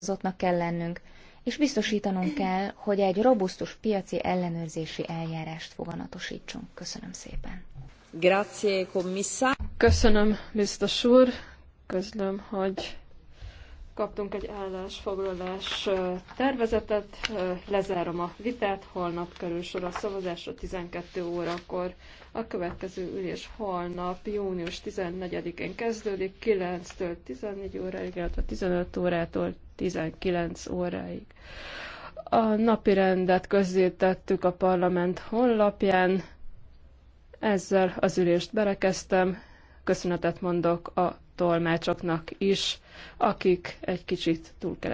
határozottnak kell lennünk, és biztosítanunk kell, hogy egy robusztus piaci ellenőrzési eljárást foganatosítsunk. Köszönöm szépen. Grazie, commissar. Köszönöm, biztos úr. Közlöm, hogy kaptunk egy állásfoglalás tervezetet. Lezárom a vitát, holnap kerül sor a szavazásra 12 órakor. A következő ülés holnap, június 14-én kezdődik, 9-től 14 óráig, illetve 15 órától 19 óráig. A napi rendet közzétettük a parlament honlapján. Ezzel az ülést berekeztem. Köszönetet mondok a tolmácsoknak is, akik egy kicsit túl kellett.